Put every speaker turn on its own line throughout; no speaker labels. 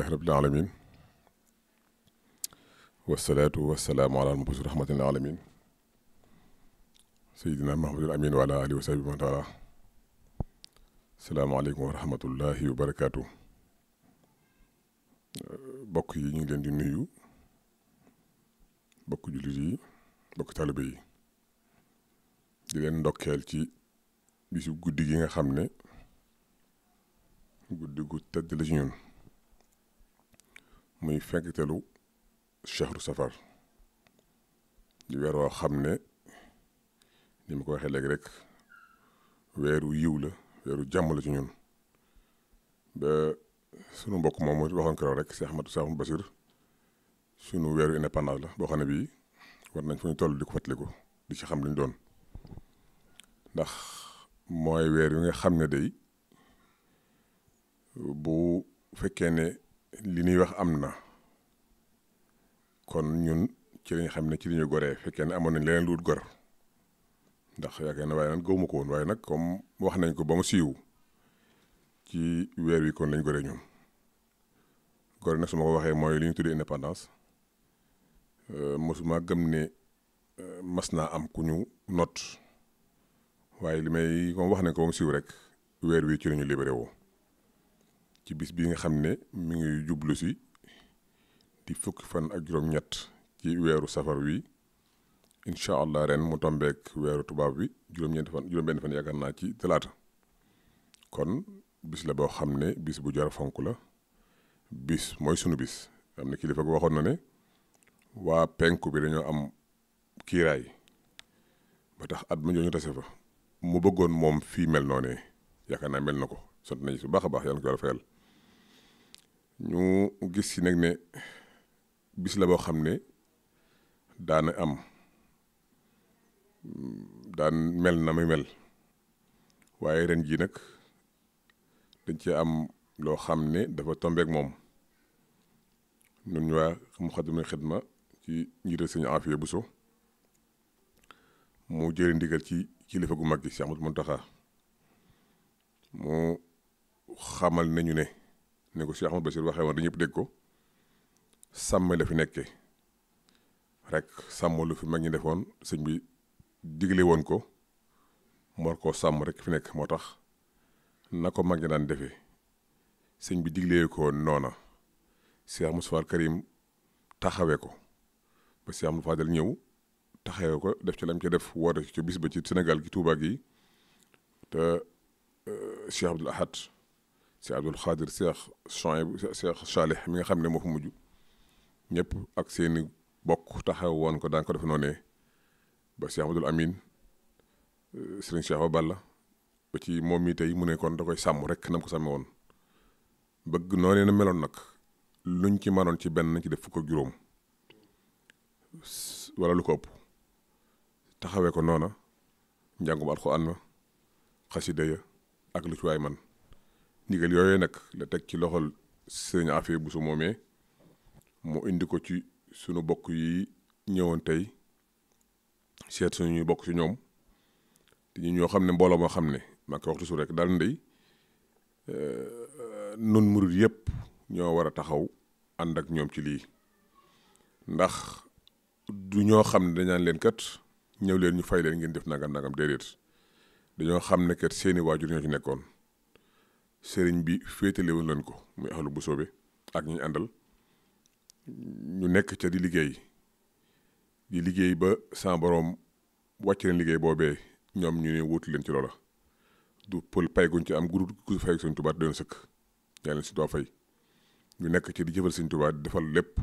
alhamdulilahi rabbil alamin wasalaatu wasalaamu ala almabus rahmatin alamin sayidina mahamadul amin wa ala alihi wa sahbi man taala salaamaaleykum wa rahmatullahi wa barakaatu bokk yi ñu ngi leen di nuyu bokk jullit yi bokk taalibe yi di ci bisu guddi xam ne guddi gu tedd muy fekkitelu chahru safar di weer woo xam ne ni ma ko waxee léegi rek weeru yiw la weeru jàmm la ci ñun ba sunu mbokk moom moo waxoon keroog rek Cheikh Ahmadou Sahou Basir sunu weeru indépendance la boo xam ne bii war nañ fu ñu toll di ko fàttaliku di ci xam li doon ndax mooy weer wi nga xam ne day bu fekkee ne. li nuy wax am na kon ñun ci lañ xam ne ci lañu goree fekkee ne amoon nañ leneen lu wut gor ndax yaakaar na waaye nag gëwuma ko woon waaye nag comme wax nañ ko ba mu siiw ci weer wi kon lañ goree ñun gore na su ma ko waxee mooy li ñu tuddee indépendance euh, mosuma gëm ne euh, mas naa am ku ñu not waaye li may comme wax nañ ko ba mu siiw rek weer wi ci lañu libéré woo ci bis bii nga xam ne mi ngi jublu si di fukki fan ak juróom-ñett ci weeru safar wi incha allah ren mu tombeek weeru tubaab wi juróom-ñeenti fan juróom-benn fan yaakaar naa ci talaata kon bis la boo xam ne bis bu jar fonk la bis mooy sunu bis am na kilifa ko waxoon na ne waa penku bi dañoo am kiiraay ba tax at ma jooju tase fa mu bëggoon moom fii mel noonee yaakaar naa mel na ko sant nañ si bu baax a baax yàlla na ko yàlla fayal ñu gis si nag ne bis la boo xam ne daana am daan mel na muy mel waaye ren jii nag dañ ci am loo xam ne dafa tombeek moom ñun ñu waa Moukhaddamatoul Khidma ci njiital sëñ Afia Bousso mu jëlee ndigal ci kilifa gu mag gi Cheikh Ahmadou Mountakha mu xamal nañu ne ne ko Cheikh Ahmadou Bachir waxee woon dañëpp dégg ko sàmm la fi nekkee rek sàmm lu fi mag ñi defoon sëñ bi digle woon ko mu moo koo sàmm rek fi nekk moo tax na ko mag ñi daan defe sëñ bi diglee ko noona Cheikh Moustapha Karim taxawee ko ba Cheikh Amadou Fadel ñëw taxawee ko def ci lam ci def woote ci bis ba ci senegal gi Touba gi te euh, Cheikh Abdoul Ahad si Abdul Xaadir Seex Chouaib Seex Saalih mi nga xam ne moo fa mujj ñëpp ak seeni bokk taxaw woon ko daan ko def noonee ba Seex Abdul Amin Sëriñ Seex Ba Balla ba ci moom mi tey mu ne kon da koy sàmm rek nam ko sàmme woon bëgg noonee na meloon nag luñ ci manoon ci benn ci def fukk ak juróom wala lu ko ëpp taxawee ko noona njàngum alxuraan ma xasida ya ak lu ci waay man ndigal yooyu nag la teg ci loxol sëñ Afee bu su moomee mu indi ko ci sunu bokk yi ñëwoon tey seet ñuy bokk ci ñoom te ñi ñoo xam ne mbooloo moo xam ne maa ko waxtu su rek daal ndey euh, nun murit yëpp ñoo war a taxaw ànd ak ñoom ci lii ndax du ñoo xam ne dañaan leen kat ñëw leen ñu fay leen ngeen def nangam nangam déedéet dañoo xam ne kat seeni waajur ñoo ci nekkoon sëriñ bi féetale woon leen ko muy axalu bu soobe ak ñuy àndal ñu nekk ca di liggéey di liggéey ba sans borom wàcc leen liggéey boobee ñoom ñu ne wuutu leen ci loola du pël pay guñ ci am guddu gu fay sëñ Tuubaa doon sëkk yaa leen si doo fay ñu nekk ci di jëfal sëñ Tuubaa di defal lépp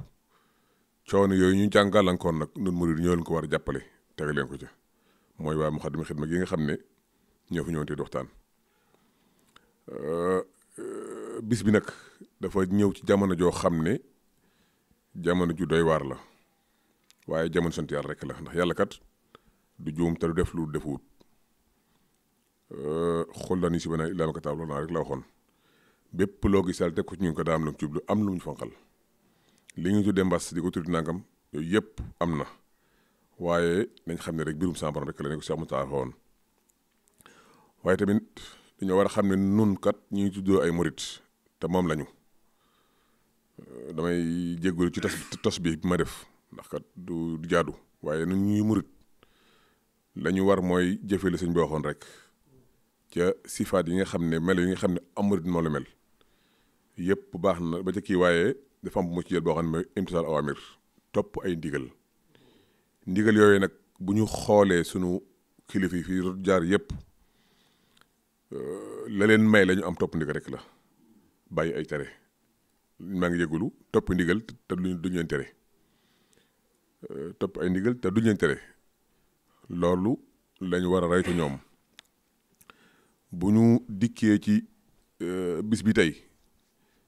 coono yooyu ñu jàngàllankoon nag nun murid ñoo leen ko war a jàppale tegal ko ca mooy waa Muxaddamatul Xidma gi nga xam ne ñoo fi ñëwante di waxtaan Euh, euh, bis bi nag dafa ñëw ci jamono joo xam ne jamono ju doy waar la waaye jamono sant yàlla rekk la ndax yàlla kat du juum te du def lu defuwut euh, xool la ni si beneen illaama kataab loolu naa rek la waxoon bépp loo gis ko daa am lu mu jublu am lu mu fanqal li ñu tuddee mbas di ko tudd nangam yooyu yëpp am na waaye nañ xam ne rek birum sama borom rek la ne ko Cheikh Moussa waxoon waaye tamit dañoo war a xam ne nun kat ñu ngi tuddoo ay murit te moom lañu euh, damay jéggulu ci tas tos bi ma def ndax kat du jaadu waaye nun ñuy murit lañu ñu war mooy jëfe li sëñ bi waxoon rek ca sifaat yi nga xam ne melo yi nga xam ne am murit moo la mel yëpp baax na ba ca waaye dafa am mu ci jël boo xam ne imtisaal awamir topp ay ndigal ndigal yooyu nag bu ñu xoolee sunu kilifa yi fi jaar yëpp Euh, la leen may lañu am topp ndigal rek la bàyyi ay tere maa ngi yëgulu topp ndigal te duñ leen tere euh, topp ay ndigal te duñ leen tere loolu lañ war a raytu ñoom bu ñu dikkee ci euh, bis bi tey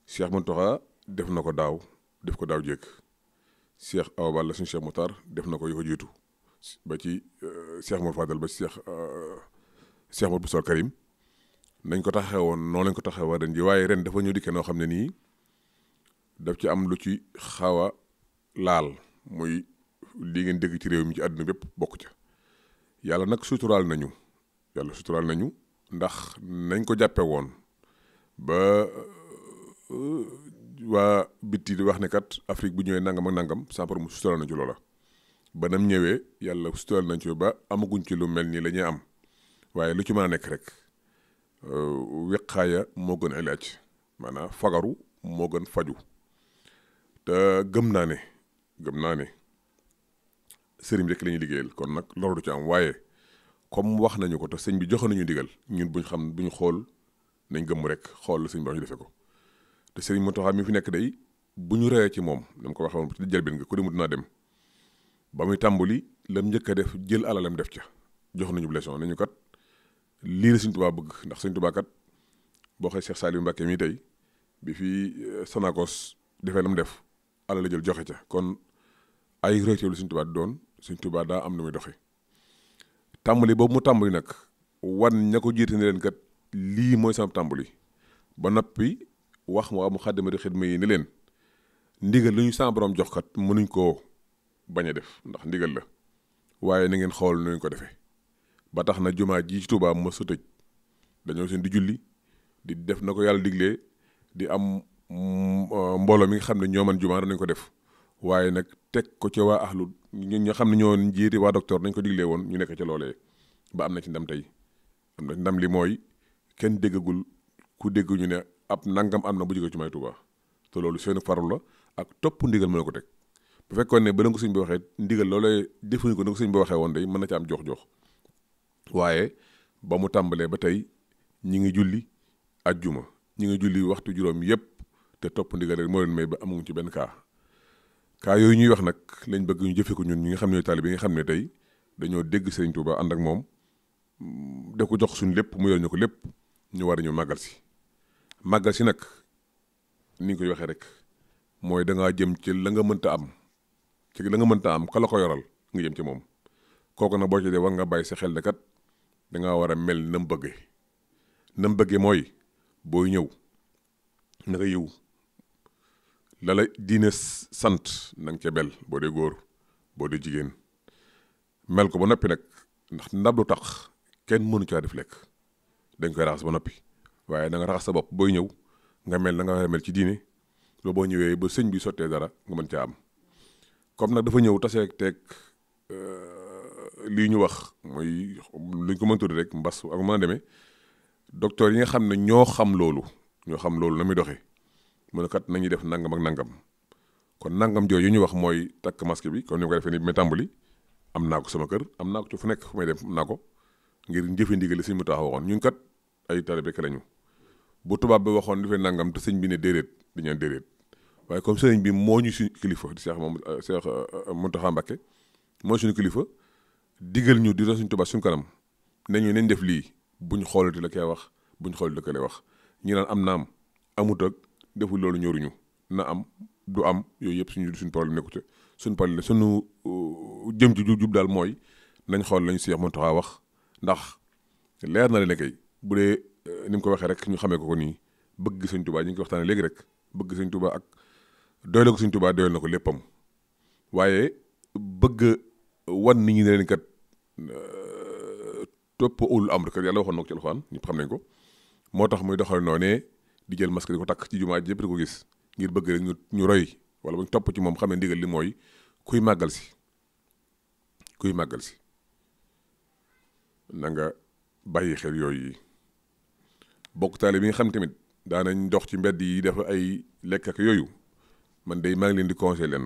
Cheikh Mountakha def na ko daaw def ko daaw jékk Cheikh Awa Balla suñu Cheikh Moutar def na ko yu jiitu ba ci Cheikh Mor Fadal ba ci Cheikh Cheikh Mor Boussor Karim nañ ko taxee woon lañ ko taxee woon ji waaye ren dafa ñu dikkee noo xam ne nii daf ci am lu ci xaw a laal muy li ngeen dégg ci réew mi ci àdduna bépp bokk ca yàlla nag suturaal nañu yàlla suturaal nañu ndax nañ ko jàppe woon ba uh, waa bitti wax ne kat Afrique bu ñëwee nangam ak nangam sampar mu suturaal nañ ci loola ba ñëwee yàlla suturaal nañ ci ba amaguñ ci lu mel nii la ñuy am waaye lu ci mën a nekk rek Euh, wiqaaya moo gën ilaaj maanaam fagaru moo gën faju te gëm naa ne gëm naa ne sëriñ rek la ñuy liggéeyal kon nag loolu du ci am waaye comme wax nañu ko te sëñ bi joxe nañu digal ñun buñ xam buñ xool nañ gëm rek xool sëñ bi ñu defee ko te sëriñ Mountakha mi fi nekk day bu ñu reyee ci moom dama ko wax waxee woon ci jëlbeen nga ko demut naa dem ba muy tàmbuli lam njëkk a def jël alalam def ca jox nañu blession nañu kat. lii la Sëñ Tuubaa bëgg ndax Sëñ Tuubaa kat boo xoolee Cheikh Saliou Mbacké mii tey bi fii eh, Sonacos defee la mu def ala la jël joxe ca kon ay royteelu Sëñ Tuubaa doon Sëñ Tuubaa daa am na muy doxe tàmbali boobu mu tàmbali nag wan ña ko jiite ne leen kat lii mooy sama tàmbali ba noppi wax mu am xaddamati xidma yi ni leen ndigal lu ñu sama borom jox kat mënuñ koo bañ a def ndax ndigal la waaye na ngeen xool nu ñu ko defee ba tax na jumaa ji ci Tuubaa mës a tëj dañoo seen di julli di def na ko yàlla diglee di am mm, euh, mbooloo mi nga xam ne ñoo man jumaa nañ ko def waaye nag teg ko ca waa axlu ñi nga xam ne ñoo jiite waa docteur nañ ko diglee woon ñu nekk ci loolee ba am na ci ndam tey am na ndam li mooy kenn déggagul ku dégg ñu ne ab nangam am na bu jóge ci may Tuubaa te loolu seen farlu la ak topp ndigal mën na ko teg bu fekkoon ne ba na ko sëñ bi waxee ndigal loolee jëfandikoo na ko sëñ bi waxee woon day mën na am jox-jox waaye ba mu tàmbalee ba tey ñi ngi julli ajjuma ñi ngi julli waxtu juróom yépp te topp ndigal rek moo leen may ba amuñu ci benn kaa kaa yooyu ñuy wax nag lañ bëgg ñu jëfe ko ñun ñu ngi xam ne taalibe yi nga xam ne tey dañoo dégg Sëriñ Tuuba ànd ak moom da ko jox suñ lépp mu yor ñu ko lépp ñu war a ñu màggal si màggal si nag ni ñu koy waxee rek mooy dangaa jëm ci la nga mënta am ci la nga mënta am ka ko yoral nga jëm ci moom kooku nag boo ci dee war nga bàyyi sa xel da war a mel nam bëgge nam bëgge mooy booy ñëw na nga yiw la diine sant na nga ca bel boo dee góor boo dee jigéen mel ko ba noppi nag ndax ndab lu tax kenn mënu caa def lekk dañ koy raxas ba noppi waaye danga nga raxas sa bopp booy ñëw nga mel na nga war a mel ci diine loo boo ñëwee ba sëñ bi sottee dara nga mën caa am comme nag dafa ñëw taseeg teeg euh, lii ñu wax mooy luñ ko mën tudd rek mbas ak mën a demee docteur yi nga xam ne ñoo xam loolu ñoo xam loolu na muy doxe mu ne kat nañuy def nangam ak nangam kon nangam jooju yu ñu wax mooy takk masque bi kon ni ma ko defee nii ma may tàmbali am naa ko sama kër am naa ko fu nekk fu may dem am ko ngir njëfe ndigal si mu taax waxoon ñu kat ay taalibe ka lañu bu tubaab bi waxoon dafay nangam te sëñ bi ne déedéet dañu naan déedéet waaye comme sëñ bi moo ñu suñu kilifa di Cheikh moom Cheikh euh, Mountakha Mbacké moo suñu kilifa. digal ñu di doon suñ Tuubaa suñ kanam nañu nañ def lii buñ xoolati la koy wax buñ xool la koy wax ñu naan am naam amut ak deful loolu ñoruñu na am du am yooyu yëpp suñu suñ problème nekku ci suñ problème suñu uh, jëm ci jub daal mooy nañ xool lañ Seex Muntaxa wax ndax leer na leen bu dee uh, ni ko waxee rek ñu xamee ko ko nii bëgg Sëñ Tuubaa ñu ngi ko waxtaanee léegi rek bëgg Sëñ Tuubaa ak doyla ko Sëñ Tuubaa doyal ko léppam waaye bëgg wan nit ñi ne leen kat euh, topp ulul am rek yàlla waxoon na ko ci alxuraan ñëpp xam nañ ko moo tax muy doxal noonee di jël masque di ko takk ci jumaa jëpp di ko gis ngir bëgg rek ñu ñu roy wala bu ñu topp ci moom xam ne ndigal li mooy kuy màggal si kuy màggal si na bàyyi xel yooyu yi bokk taale bi nga xam tamit daanañ dox ci mbedd yi dafa ay lekk ak yooyu man de maa leen di conseil leen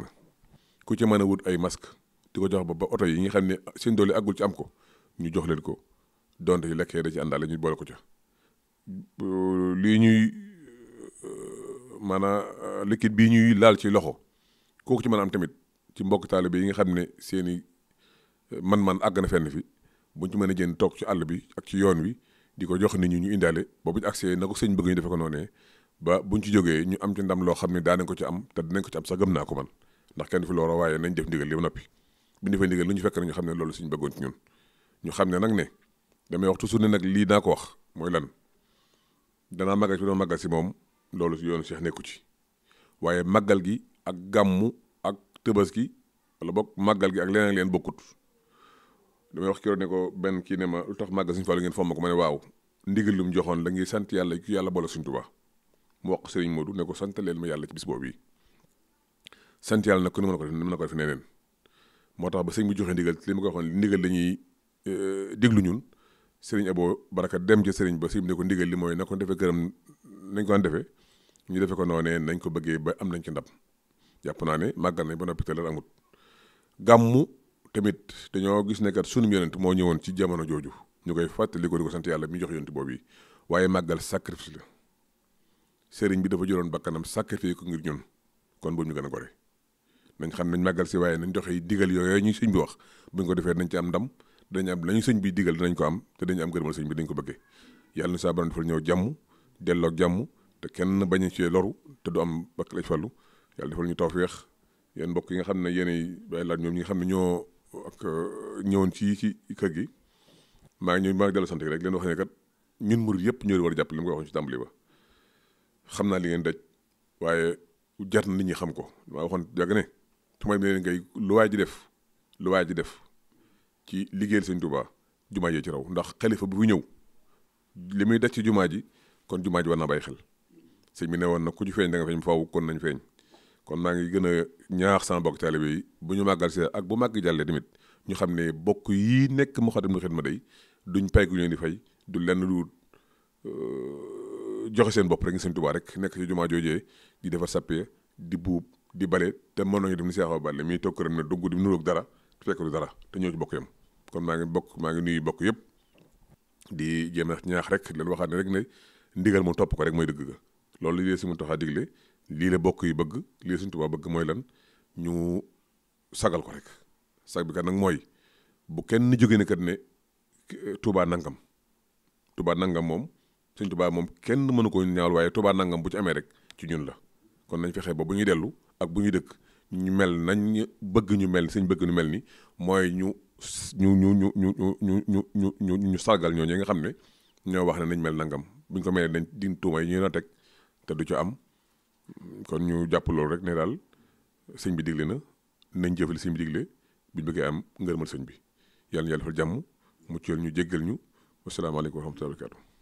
ku ci mën a wut ay masque di ko jox ba ba oto yi nga xam ne seen doole àggul ci am ko ñu jox leen ko donte yi lekkee da ci àndaale ñu boole ko ca lii ñuy euh, maanaam euh, liquide bii ñuy laal ci loxo kooku ci mën a am tamit ci yi nga xam ne seen i euh, man-man àgg na fenn fi buñ ci mën a jënd toog ci àll bi ak ci yoon wi di ko jox nit ñi ñu indaale ba buñ accès na ko sëñ bëgg ñu defe ko noonee ba buñ ci jógee ñu am ci ndam loo xam ne daanañ ko ci am te dinañ ko ci am sax gëm naa ko man ndax kenn fi looloo waaye nañ def ndigal li ba noppi bi ñu fa ndigal lu ñu fekk na ñu xam ne loolu suñu bëggoon xam ne nag ne damay wax toujours ne nag lii naa ko wax mooy lan danaa màggal ci doon màggal si moom loolu si yoonu ci waaye màggal gi ak gàmmu ak tëbaski wala boog màggal gi ak leneen leen bokkut damay wax ne ko benn kii ne ma lu tax màggal Sëriñ ngeen fomm ko ma ne waaw ndigal lu mu joxoon la ngi sant yàlla ki yàlla boole Sëriñ Tuubaa mu wax Sëriñ Moodu ne ko sant leen ma yàlla ci bis boobu yi sant yàlla nag ku ne mën a ko def mën a ko moo tax ba sëñ bi joxe ndigal li ma ko waxoon ndigal la ñuy euh, déglu ñun sëriñ Abo Baraka dem ci sëriñ ba sëriñ bi ne ko ndigal li mooy na ko defee ñu defee ko noonee nañ ko bëggee ba am nañ ci ndam jàpp naa ne màggal nañ ba noppi te leer amut gàmmu tamit dañoo gis ne kat sunum moo ñëwoon ci jamono jooju ñu koy fàttali ko di ko sant yàlla mi jox yonent boobu yi waaye màggal sacrifice la bi dafa jëloon bakkanam sacrifice ko ngir ñun kon boobu ñu gën a gore nañ xam nañ màggal si waaye nañ joxe digal yooyu ñu sëñ bi wax buñ ko defee nañ ci am ndam dañ am lañu sëñ bi digal ko am te dañu am gërëmal sëñ bi dañ ko bëggee yàlla na saa borom defal ñëw jàmm delloog jàmm te kenn bañ ci loru te du am bakk lañ yàlla defal ñu tawfeex yéen mbokk yi nga xam ne yéenay bàyyi ñoom ñi xam ne ñoo ak ñëwoon ci ci kër gi maa ngi ñëw maa ngi dellu sant rek leen wax ne kat ñun murid yëpp ñoo war a jàpp li ma ko waxoon ci tàmbali ba xam naa li ngeen daj waaye jar na nit ñi xam ko maa waxoon jàgg ne Tumaay bi ne ngay lu waay ji def lu waay ji def ci liggéeyal sëñ tubaa jumaa ji ci raw ndax xalifa bu fi ñëw li muy def ci jumaa ji kon jumaa ji war na bàyyi xel sëñ bi ne woon na ku ci feeñ da nga feeñ faaw kon nañ feeñ kon maa ngi gën a ñaax sama bokk taalibe yi bu ñu màggal si ak bu màgg jàllee tamit ñu xam ne bokk yii nekk Moukhaddamatoul ma day duñ pay gu ñu di fay du lenn du euh, joxe seen bopp rek ngi sëñ Tuubaa rek nekk ci jumaa joojee di defar sàppe di buub di bale te mën nañu dem ni seexaw bale miy toog këram na dugg di nuroog dara fekk du dara te ñëw ci bokk yam kon maa ngi bokk maa ngi nuyu bokk yëpp di jéem ñaax rek leen waxaat ne rek ne ndigal moom topp ko rek mooy dëgg loolu lii si mu taxaa lii la bokk yi bëgg lii suñ tubaab bëgg mooy lan ñu sagal ko rek sag bi kat nag mooy bu kenn jógee ne kat ne eh, Touba nangam Touba nangam moom suñ Touba moom kenn mënu ko ñaawal waaye Touba nangam bu ci amee rek ci ñun la kon nañ fexe ba bu ñuy dellu ak bu ñu dëkk ñu mel nañ ñu bëgg ñu mel ni suñ bëgg ñu mel ni mooy ñu ñu ñu ñu ñu ñu ñu ñu ñu ñu sargal nga xam ne ñoo wax ne nañ mel nangam buñ ko melee dañ din tuuma yi ñu na teg te du ci am kon ñu jàpp loolu rek ne daal sëñ bi digle na nañ jëfal sëñ bi digle buñ bëggee am ngërëmal sëñ bi yàlla na yàlla defal jàmm mucc ñu jéggal ñu wasalaamaaleykum wa rahmatulah wa barakatu